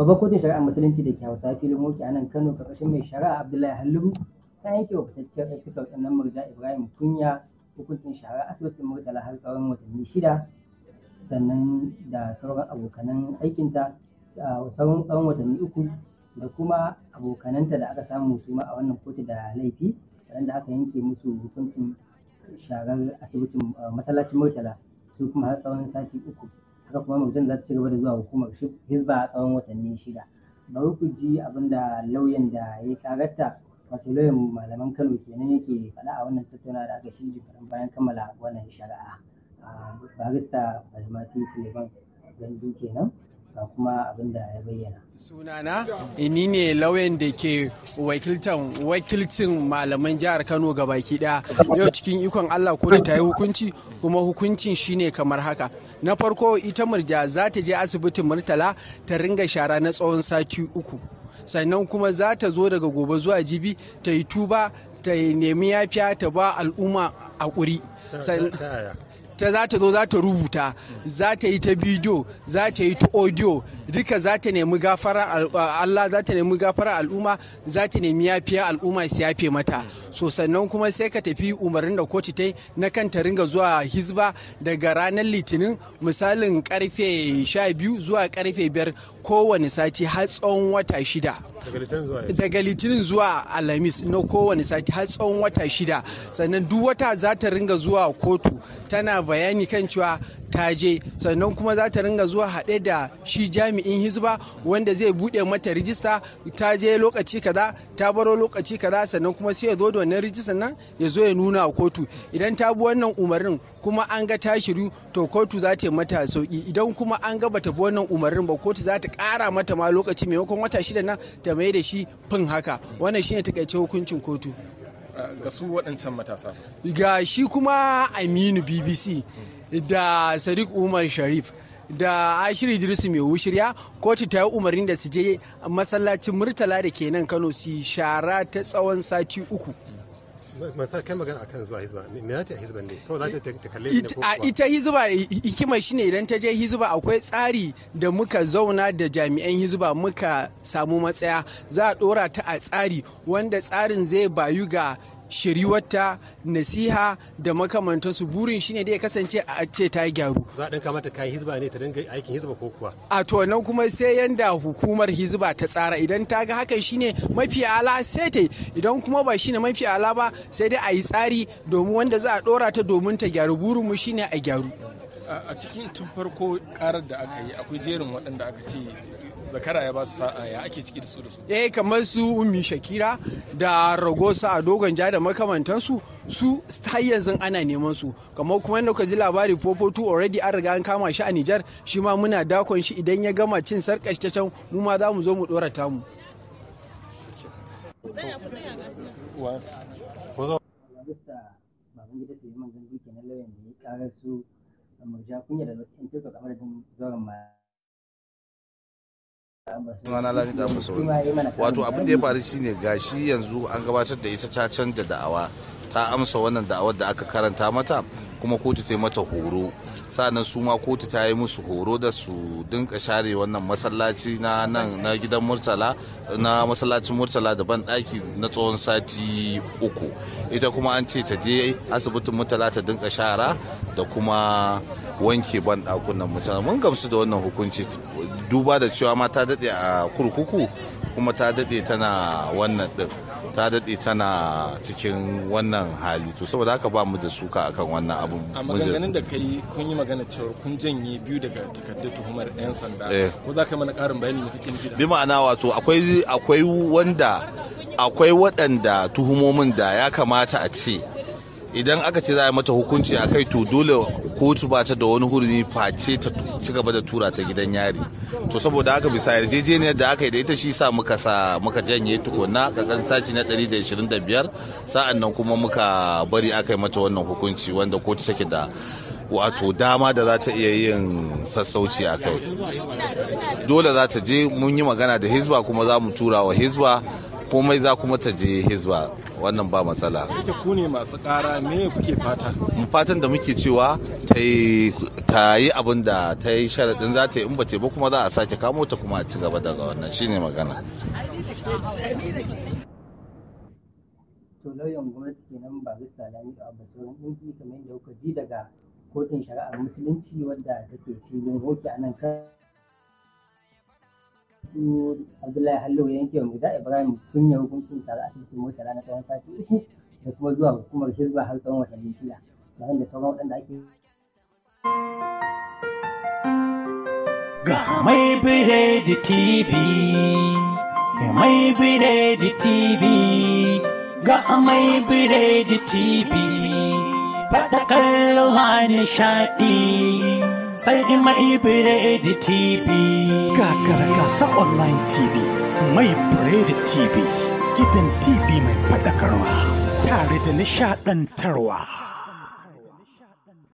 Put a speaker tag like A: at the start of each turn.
A: babbar kotun sharia musulunci da ke hausa filin mulki anan nan kano karkashin mai shari'a abdullahi halliru ta yanke wa fitaccen aikata waɗannan murja ibrahim kunya hukuncin shari'a asibitin murtala har tsawon watanni shida sannan da sauran abokanan aikinta sauran tsawon watanni uku da kuma abokananta da aka samu su a wannan kotu da laifi da aka yanke musu hukuncin sharar asibitin masallacin murtala su kuma har tsawon sati uku haka kuma mutum za su ci gaba da zuwa hukumar hizba a tsawon watanni shida bari ku ji abin da lauyan da ya karatta wato lauyan malaman kano kenan yake faɗa a wannan tattaunawa da aka shirya kaɗan bayan kammala wannan shari'a ah, barista balmasi suleiman gandu kenan ga kuma abin da ya
B: bayyana. Sunana, ini eh, ne lauyan da ke wakiltan wakilcin malaman jihar Kano ga baki ɗaya. Yau cikin ikon Allah kotu ta yi hukunci kuma hukuncin shine kamar haka. Na farko ita murja za ta je asibitin Murtala ta ringa shara na tsawon sati uku. sannan kuma za ta zo daga gobe zuwa jibi ta yi tuba ta nemi yafiya ta ba al'umma a ƙuri. ta za ta zo za ta rubuta za ta yi ta bidiyo za ta yi ta audio duka za ta nemi gafara Allah za ta nemi gafara al'umma za ta nemi yafiya al'umma su yafe mata so sannan kuma sai ka tafi umarnin da kotu ta na kan ta ringa zuwa hizba daga ranar litinin misalin karfe 12 zuwa karfe 5 kowane sati har tsawon wata shida daga litinin zuwa alhamis na kowane sati har tsawon wata shida sannan duk wata za ta ringa zuwa kotu tana bayani kan cewa ta je sannan kuma za ta ringa zuwa haɗe da shi jami'in hizba wanda zai buɗe mata rijista ta je lokaci kaza ta baro lokaci kaza sannan kuma sai ya zo da wannan rijistar nan ya zo ya nuna a kotu idan ta bi wannan umarnin kuma an ga ta shiru to kotu za ta yi mata sauki idan kuma an ga bata bi wannan umarnin ba kotu za ta ƙara mata ma lokaci maimakon wata shida nan ta mai da shi fin haka wannan shine takaice hukuncin kotu ga su waɗancan matasa ga shi kuma aminu bbc da sadiq umar sharif da ashiri idris mai wushirya kotu ta yi umarnin da su je masallacin murtala da ke nan kano su shara ta tsawon sati uku ita hizuba hikima shi ne shine idan ta je hizba akwai tsari da muka zauna da jami'an hizba muka samu matsaya za a dora ta a tsari wanda tsarin zai bayu ga shiriwarta nasiha da makamantansu burin shi ne da ya kasance a ce ta gyaru za a ɗinka mata kayan hizba ne ta dinga aikin hizba ko kuwa a to nan kuma sai yanda hukumar hizba ta tsara idan ta ga hakan shine mafi ala sai ta idan kuma ba shine mafi ala ba sai dai a yi tsari domin wanda za a ɗora ta domin ta gyaru burin mu shine a gyaru
A: a cikin tun farko karar da aka yi akwai jerin waɗanda aka ce zakara ya ba su sa'a ya ake ciki da su da su
B: eh kamar su ummi shakira da ragosa a dogon ja da makamantansu su har yanzu ana neman su kamar kuma yadda ka ji labari popo 2 already an riga an kama shi a Nijar shi ma muna dakon shi idan ya gama cin sarkar ta can mu ma za mu zo mu dora tamu
A: murja kunya da wasu 'yan kamar da wato abin da ya faru
C: shine gashi yanzu an gabatar da isa ta canja da'awa ta amsa wannan da'awar da aka karanta mata kuma kotu ta yi mata horo sa'annan su ma kotu ta yi musu horo da su dinka share wannan masallaci na nan na gidan murtala na masallacin murtala da ban daki na tsawon sati uku ita kuma an ce ta je asibitin murtala ta dinka shara da kuma wanke ban dakunan mutane mun gamsu da wannan hukunci duba da cewa mata daɗe a kurkuku kuma ta daɗe tana wannan ɗin ta daɗe tana cikin wannan hali to saboda haka ba mu da suka akan wannan abun a maganganun da
B: kai
A: kun yi magana cewa kun janye biyu daga takardar tuhumar yan sanda eh. ko za ka mana ƙarin bayani ne
C: kake nufi bi ma'ana wato akwai akwai wanda akwai waɗanda tuhumomin da ya kamata a ce idan aka ce za a mata hukunci a kai to dole kotu ba ta da wani hurumi face ta ci gaba da tura ta gidan yari to saboda haka bisa yarjejeniyar da aka yi da ita shi sa muka sa muka janye tukunna kan sashi na 125 sa'an nan kuma muka bari aka yi mata wannan hukunci wanda kotu take da wato dama da za ta iya yin sassauci a kai dole za ta je mun yi magana da hizba kuma za mu tura wa hizba komai za kuma ta je hizba wannan ba matsala kake ku ne masu kara me kuke fata fatan da muke cewa ta yi abin da ta yi sharaɗin za ta yi in ba ba kuma za a sake kamo ta kuma a ci gaba daga wannan shine magana
A: to lauyan gwamnati kenan ba bisa lami a basirin inji kamar yadda kuka ji daga kotun shari'ar musulunci wadda take filin hoki a nan kan su abdullahi hallo ya yanke wa muda ibrahim kunya hukuncin tare asibitin mota na tsawon sati uku da kuma zuwa hukumar hizba har tsawon watanni shida bayan da sauran waɗanda ake
B: ga mai biredi tv mai biredi tv ga
A: mai biredi tv faɗa kallo nishaɗi sai in mai da TV. Gagara gasa
C: online TV, mai biredi TV, gidan TV mai faɗakarwa, tare da nishaɗantarwa.